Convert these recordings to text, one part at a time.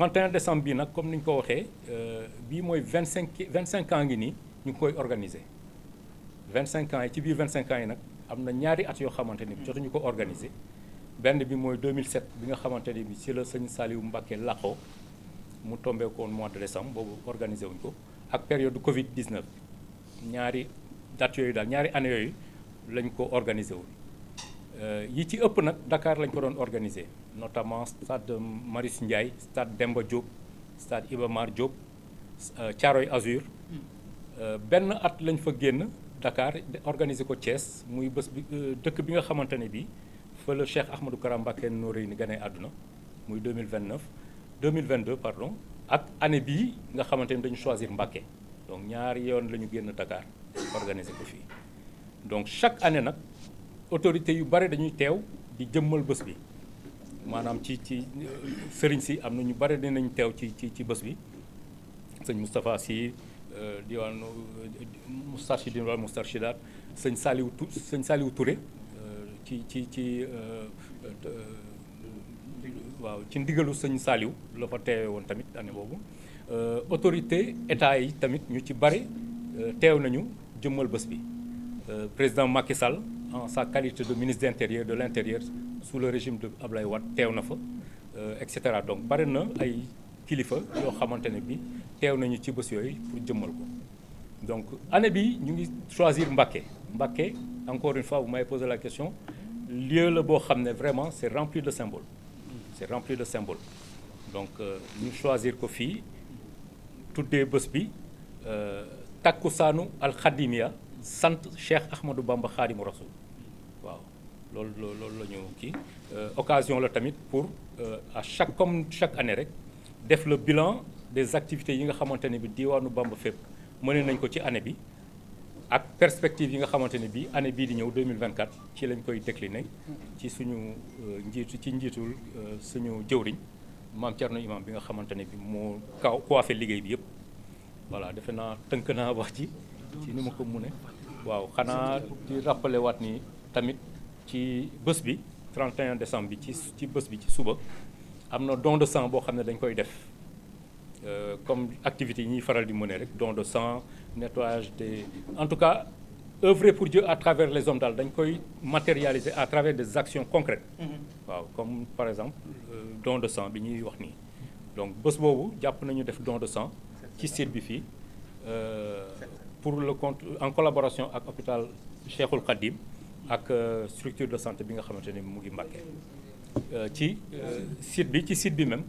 31 décembre bi nag comme ni ñu ko waxee euh, bii mooy vingt cinq ans ngi nii ñu ngi koy organiser 25 ans yi ci biir 25 ans yi nag am na ñaari at yoo xamante ni jotuñu ko organiser benn bi mooy 2007 bi nga xamante ni bi ci la sëñ Saliou Mbacké làqoo mu tombeekoon ko woon mois de décembre boobu organiser wuñ ko ak période Covid 19 ñaari date yooyu daal ñaari année yooyu lañ ko organiser wuñ Euh, yi ci ëpp nag dakaar lañ ko doon organiser notamment stade Marius Ndiaye stade Demba Diop stade Iba Mar Diop euh, Thiaroye Azur euh, benn at lañ fa génn Dakar organiser ko cees muy bés bi dëkk bi nga xamante ne bii fa la Cheikh Ahmadou Kara Mbacké Noreyni gane àdduna muy mille vingt 2029 2022 pardon ak année bii nga xamante ni dañu choisir Mbacké donc ñaari yoon la ñu génn dakaar organiser ko fii donc chaque année nag autorités yu bari dañuy teew di jëmmal bés bi maanaam ci ci sëriñ si am na ñu bari dinañ teew ci ci ci bés bi sëñ Moustapha Sy euh, diwaanu Moustarchidine wala Moustarchidaat sëñ Saliou Tu sëñ Saliou Touré euh, ci ci ci euh, waaw ci ndigalu sëñ Saliou la fa teewe woon tamit année boobu autorité état yi tamit ñu ci bari teew nañu jëmmal bés bi euh, président Macky Sall en sa qualité de ministre de l'intérieur de l'intérieur sous le régime de Ablaye Wade teew na fa euh, et cetera donc bari na ay kilifa yoo xamante ne bi teew nañu ci bés yooyu pour jëmmal ko donc année bi ñu ngi choisir Mbacké Mbacké encore une fois vous m'avez posé la question lieu la boo xam ne vraiment c'est rempli de symboles c'est rempli de symboles donc euh, ñu choisir ko fii tuddee bés bi euh, takkusaanu alxadimia sant Cheikh Ahmadou Bamba Xaadimu Rasul waaw loolu loolu la ñu kii euh, occasion la tamit pour euh, à chaque comme chaque année rek def le bilan des activités yi nga xamante ne bi diwaanu Bamba fépp mëne nañ ko ci année bi ak perspective yi nga xamante ne bi année bii di ñëw 2024 ci lañ koy décliner ci suñu euh, njiitu ci njiitul suñu jëwriñ maam Thierno Imaam bi nga xamante ne bi moo kaw coiffé liggéey bi yëpp voilà defe naa tënk naa wax ci ci ni ma ko mu ne waaw xanaa di rappelé waat ni tamit ci bës bi 31 décembre bi ci ci bës bi ci suba am na don de sang boo xam ne dañ koy def euh, comme activité yi ñuy faral di mener rek don de sang nettoyage des en tout cas œuvrer pour Dieu à travers les hommes daal dañ koy matérialiser à travers des actions concrètes mm-hmm. waaw comme par exemple euh, don de sang bi ñuy wax nii donc bës boobu jàpp nañu def don de sang ci site bi fii euh, pour le compte en collaboration ak hôpital Cheikhul Khadim ak euh, structure de santé bi nga xamante ni mu ngi Mbacké euh, ci euh, site bi ci site bi même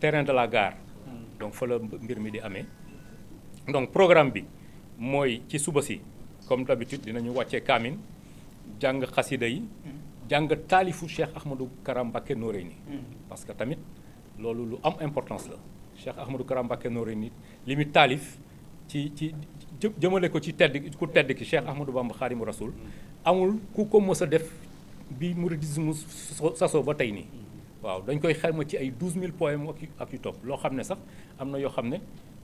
terrain de la gare donc fa la mbir mi di amee donc programme bi mooy ci suba si comme d'habitude dinañu wàccee kaamin jàng xasida yi jàng taalifu Cheikh Ahmadou Kara Mbacké ni parce que tamit loolu lu am importance la Cheikh Ahmadou Kara Mbacké Noreyni li mu taalif ci ci jëmale ko ci tedd ku tedd ki Cheikh Ahmadou Bamba Xaadimu Rasul amul ku ko mës a def bi mouridisme sasoo ba tey nii waaw dañ koy xayma ci ay 12000 poèmes ak yu ak yu topp loo xam ne sax am na yoo xam ne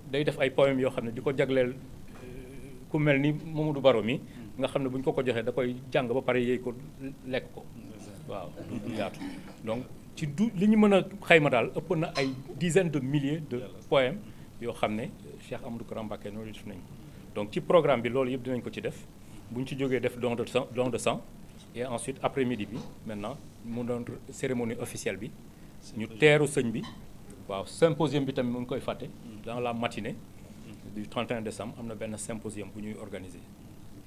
day def ay poèmes yoo xam ne di ko jagleel ku mel ni Mamadou Baro mi nga xam ne buñ ko ko joxee da koy jàng ba pare yéey ko lekk ko waaw du yaatu donc ci du li ñu mën a xayma daal ëpp na ay dizaines de milliers de poèmes yoo xam ne Cheikh Amadou Kara Mbacké noonu def nañ donc ci programme bi loolu yëpp dinañ ko ci def bu ñu ci jógee def don de don de sang et ensuite après midi bi maintenant mu doon cérémonie officielle bi ñu teeru sëñ bi waaw symposium bi tamit mu ngi koy fàtte dans la matine du 31 décembre am na benn symposium bu ñuy organiser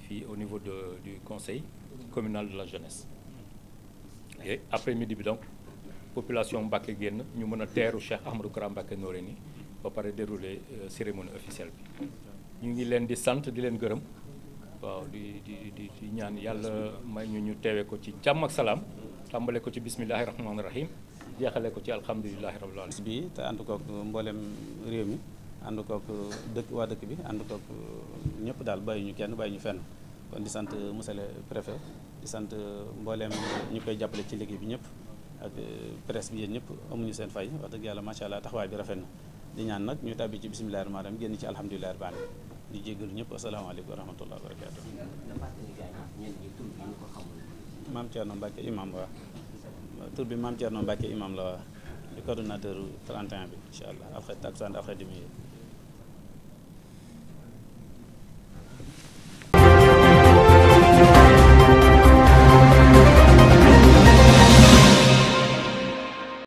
fii au niveau de du conseil communal de la jeunesse et après midi bi donc population Mbacké génn ñu mën a teeru Cheikh Ahmadou Kara Mbacké Noreyni ba pare déroulé euh, cérémonie officielle bi ñu ngi leen di sant di leen gërëm waaw di di di ñaan yàlla may ñu ñu teewee ko ci jàmm ak salaam tàmbale ko ci bismillahi rahmaani rahim jeexale ko ci alhamdulilahi rabbil alamin bi te ànd kook mboolem réew mi ànd kook dëkk waa dëkk bi ànd kook ñëpp daal bàyyi ñu kenn bàyyi ñu fenn kon di sant monsieur le di sant mbooleem ñu koy jàppale ci liggéey bi ñëpp ak presse bi yéen ñëpp amuñu seen fay wax dëgg yàlla macha allah taxawaay bi rafet na di ñaan nag ñu tàbbi ci bisimilah rahmaani rahiim génn ci alhamdulilah rabbil alamin di jéggalu ñëpp asalaamaaleykum wa rahmatulah wa barakaatu. maam Thierno Mbacke imam waa tur bi maam Thierno Mbacke imam la waa di coordonnateur bi incha allah après taxane après demi